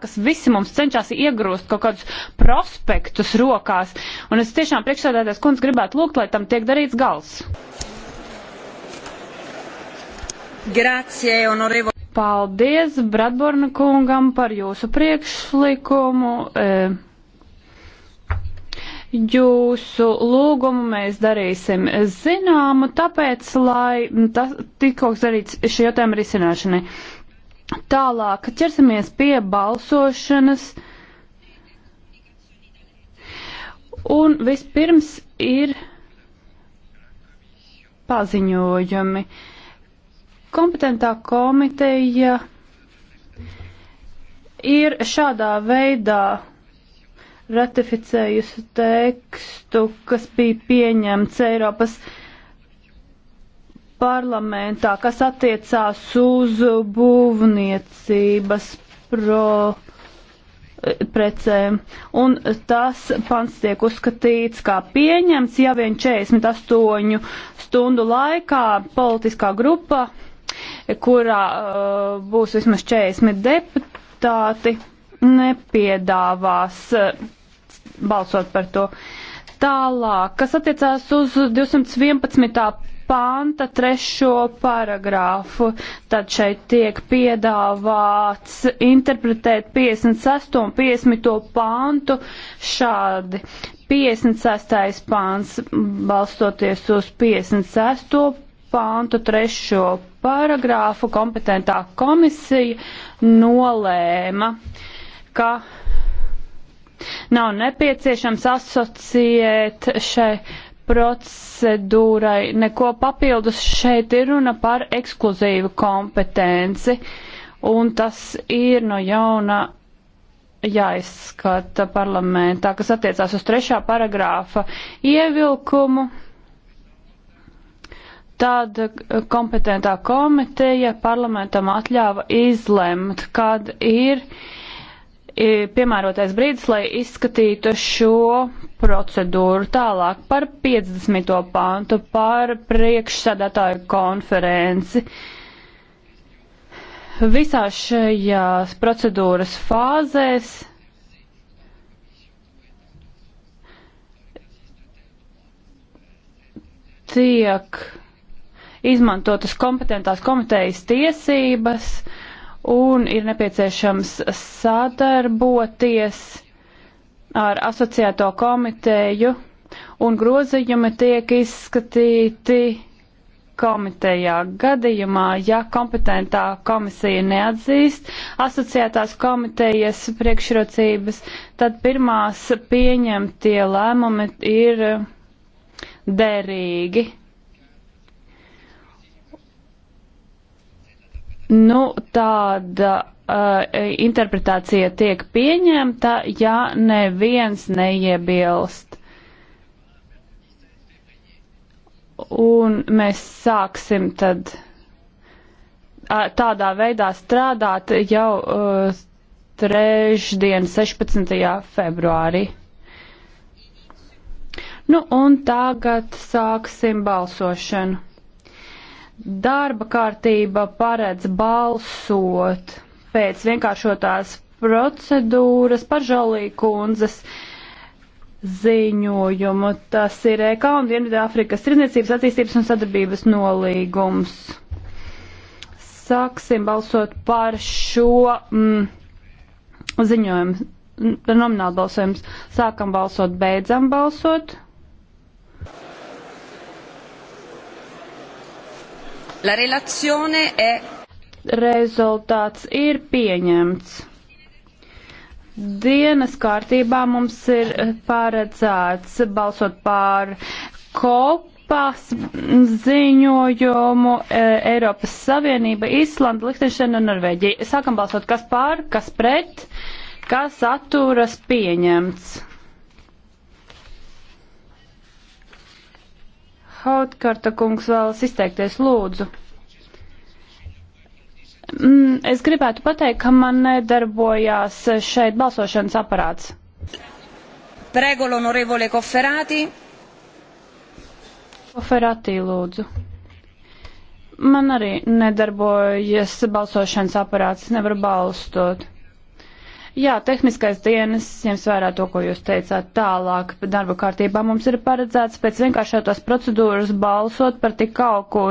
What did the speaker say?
kas visi mums cenšas iegrūst kaut kādus prospektus rokās. Un es tiešām priekšsēdētājs kundz gribētu lūgt, lai tam tiek darīts gals. Grazie, honorevo. Paldies Bradborna kungam par jūsu priekšlikumu. Eh, jūsu lūgumu mēs darīsim zināmu, tāpēc, lai tas tikko darīts šī jautājuma risināšanai. Tālāk ķersimies pie balsošanas. Un vispirms ir paziņojumi. Kompetentā komiteja ir šādā veidā ratificējusi tekstu, kas bija pieņemts Eiropas parlamentā, kas attiecās uz būvniecības pro precēm, un tas pants tiek uzskatīts kā pieņemts, ja vien 48 stundu laikā politiskā grupa, kurā uh, būs vismaz 40 deputāti, nepiedāvās uh, balsot par to. Tālāk, kas attiecās uz 211 panta trešo paragrāfu. Tad šeit tiek piedāvāts interpretēt 56. un 50. pantu šādi. 56. pāns balstoties uz 56. pāntu trešo paragrāfu kompetentā komisija nolēma, ka nav nepieciešams asociēt šai procedūrai neko papildus. Šeit ir runa par ekskluzīvu kompetenci, un tas ir no jauna jāizskata parlamentā, kas attiecās uz trešā paragrāfa ievilkumu. Tad kompetentā komiteja parlamentam atļāva izlemt, kad ir uh, piemērotais brīdis, lai izskatītu šo procedūru tālāk par 50. pantu, par priekšsēdētāju konferenci. Visās šajās procedūras fāzēs tiek izmantotas kompetentās komitejas tiesības, uh, un ir nepieciešams sadarboties ar asociēto komiteju, un grozījumi tiek izskatīti komitejā. Gadījumā, ja kompetentā komisija neatzīst asociētās komitejas priekšrocības, tad pirmās pieņemtie lēmumi ir derīgi Nu, tāda uh, interpretācija tiek pieņemta, ja neviens neiebilst. Un mēs sāksim tad uh, tādā veidā strādāt jau uh, trešdien, 16. februārī. Nu, un tagad sāksim balsošanu. Darba kārtība paredz balsot pēc vienkāršotās procedūras par Žalī kundzes ziņojumu. Tas ir EK un Dienvidāfrikas tirdzniecības attīstības un sadarbības nolīgums. Sāksim balsot par šo mm, ziņojumu. Nomināli balsojums. Sākam balsot, beidzam balsot. La relazione è. Rezultāts ir pieņemts. Dienas kārtībā mums ir paredzēts balsot pār kopas ziņojumu e, Eiropas Savienība, Islanda, Lichtenšteina un Norvēģija. Sākam balsot, kas pār, kas pret, kas atturas pieņemts. Hautkarta kungs vēlas izteikties lūdzu. Mm, es gribētu pateikt, ka man nedarbojās šeit balsošanas aparāts. Prego l'onorevole Kofferati. Kofferati lūdzu. Man arī nedarbojas balsošanas aparāts, nevaru balstot. Jā, tehniskais dienas ņems vērā to, ko jūs teicāt tālāk. Darba kārtībā mums ir paredzēts pēc vienkāršotās procedūras balsot par tik kaut ko